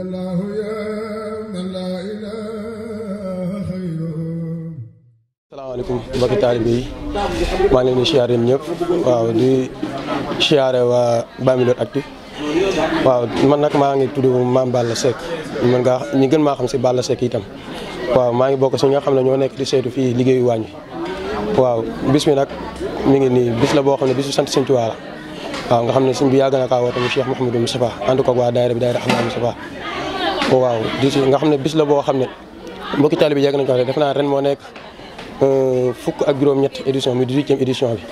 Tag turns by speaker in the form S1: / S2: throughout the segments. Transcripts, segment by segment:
S1: الله يا من لا إله غيره salaamaaleykum mbokki taalibe di siyaare ñëpp waaw di siyaare waa Bambilor Actu waaw man nag maa ngi si Balla Seck itam waaw maa ngi bokk si ñi di saytu fii liggéeyu waañ wi waaw bis mi nag bis la boo bisu waaw nga xam ne sëñ bi yàgg na kaa woote mu Cheikh Mouhamadou Moustapha ànd ko waa daayira bi daayira Ahmadou Moustapha la boo xam ne mbokki taalibe bi yàgg nañ ko moo nekk euh, fukk ak juróom-ñett édition bi 18e édition bi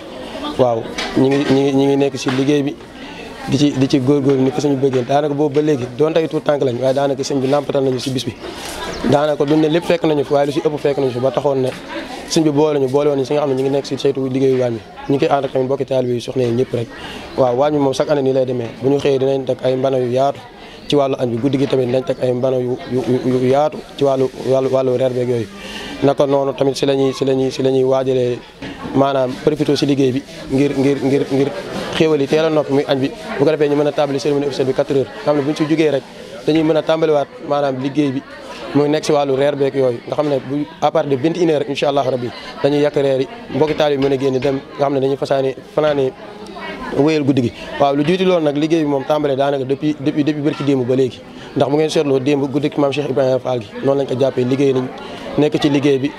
S1: waaw ñi ngi ñi ngi nekk si liggéey bi di ci di ci góorgóorlu ni ko sëñ bi bëggee daanaka boobu ba léegi doon tey tuut tànk lañ waaye daanaka sëñ bi nàmpatal nañu si bis bi daanaka duñ ne lépp fekk nañu fi fi ba taxoon ne sëñ bi boole ñu boole woon ñi si nga xam ne ñu nekk si saytu liggéeyu waañ bi ñu koy ànd ak tamit bokki taalibe yi soxna yi ñëpp rek waaw bi yaatu ci wàllu añ guddi gi tamit dinañ teg ay mbana yu yu yaatu ci wàllu wàllu wàllu reer beeg yooyu naka noonu tamit si lañuy si lañuy si la ñuy waajalee maanaam profité si liggéey bi ngir ngir ngir ngir xéewal yi teel a noppi muy añ bi bu ko ñu mën a tàmbali cérémonie officielle bi 4 heures nga xam ne bu ñu si jógee rek dañuy mën a tàmbaliwaat maanaam liggéey bi muy nekk si wàllu reer beeg yooyu nga xam ne bu à partir de vingt et une heures incha allah rabbi dañuy yàq reer yi mbokki taal yi mën a génn dem nga xam ne dañuy fasaani fanaani wéyal guddi gi waaw lu jiitu loolu nag liggéey bi moom tàmbalee daanaka depuis depuis depuis bërki démb ba léegi ndax bu ngeen seetloo démb guddi maam Cheikh Ibrahima Fall gi noonu lañ ko jàppee liggéey nekk ci liggéey bi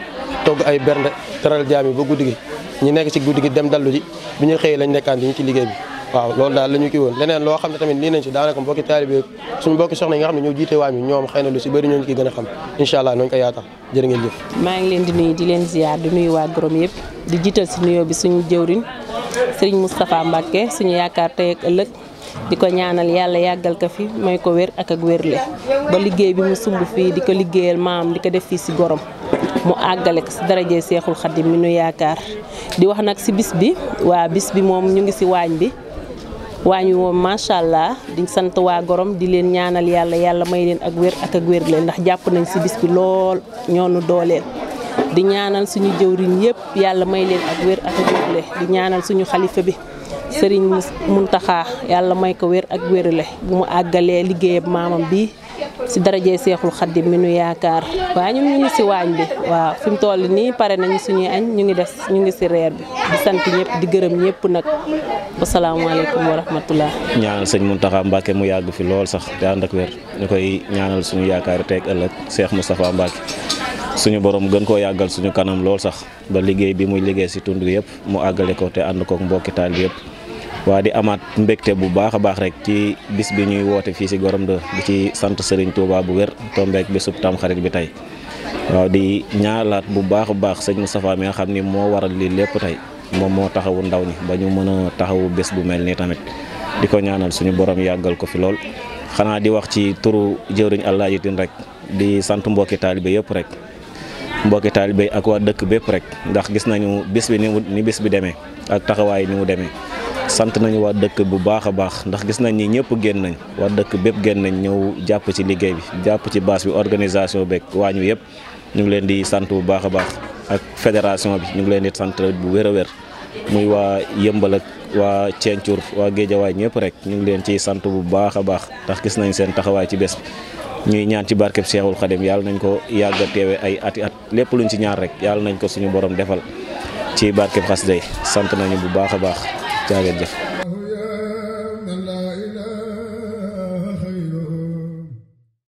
S1: togg ay bernde teral jaam yi ba guddi gi ñu nekk ci guddi gi dem dallu ji bi ñu xëyee lañ nekkaan di ci liggéey bi waaw loolu daal la ñu woon leneen loo xam ne tamit lii nañ ci daanaka mbokki taalibe suñu mbokki soxna yi nga xam ne ñoo jiite waa mi ñoom xëy na lu si bëri ñooñu ki gën a xam incha allah nooñu
S2: maa ngi leen di nuyu di leen ziar di nuyu waa Gorom yëpp di jiital si nuyoo bi suñu jëwriñ sëriñ Moustapha Mbacke suñu yaakaar tey ëllëg di ko ñaanal yàlla yàggal ko fi mooy ko wér ak ak wérle ba liggéey bi mu sumb fii di ko liggéeyal maam di ko def fii si Gorom mu àggale ko si daraje Seexul Xadim mi nu yaakaar di wax nag si bis bi waa bis bi moom ñu ngi si waañ bi waa ñu moom macha allah di sant waa gorom di leen ñaanal yàlla yàlla may leen ak wér ak ak wér ndax jàpp nañ si bis bi lool ñoonu dooleel di ñaanal suñu jëwriñ yëpp yàlla may leen ak wér ak ak wér di ñaanal suñu xalifa bi sëriñ Muntaxa yàlla may ko wér ak wérle bu mu àggalee liggéeyam maamam bi ci darajee seexul xaddim mi nu yaakar wa ñun ñu ci wañ bi wa fi mu toll ni paré nañ suñu añ ñu ngi dess ñu ngi ci reer bi di sant ñepp di gëreem gërëm ñëpp nag alaykum wa rahmatullah
S3: ñaanal sëñ muntaha mbake mu yàgg fi lool sax da andak wër ñukoy ñaanal suñu yaakar tek ëlëk Cheikh mustafa mbake suñu borom gën ko yagal suñu kanam lool sax ba liggéey bi muy liggéey ci tundu yépp mu agalé ko té and ko mbokk taal yépp wa di amat mbekté bu baakha baax rek ci bis bi ñuy woté fi ci Gorom do di ci sante Serigne Touba bu wér tombeek bésub tam xarit bi tay wa di ñaalat bu baax baax serigne Moustapha mi nga xamni ni waral li lepp tay mo mo taxawu ndaw ni ba ñu mëna taxawu bes bu melni tamit di ñaanal suñu borom yagal ko fi lol xana di wax ci turu jeewriñ Allah yitin rek di sante mbokki talibé yépp rek mbokki talibé ak wa dëkk bëpp rek ndax gis nañu bis bi ni bis bi démé ak taxaway ni mu démé sant nañu waa dëkk bu baax a baax ndax gis nañ ni ñëpp génn nañ waa dëkk bépp génn nañ ñëw jàpp ci liggéey bi jàpp ci bâche bi organisation beeg waañu yëpp ñu ngi leen di sant bu baax a baax ak fédération bi ñu ngi leen di sant bu wér a wér muy waa yëmbal waa Ceencuur waa Géejawaay ñëpp rek ñu ngi leen ciy sant bu baax a baax ndax gis nañ seen taxawaay ci bés bi ñuy ñaan ci barkeb Seexul Xadim yàlla nañ ko yàgga a teewe ay ati at lépp luñ ci ñaar rek yàlla nañ ko suñu borom defal ci barkeb xasida yi sant nañu bu baax a baax jaa ngeen jëf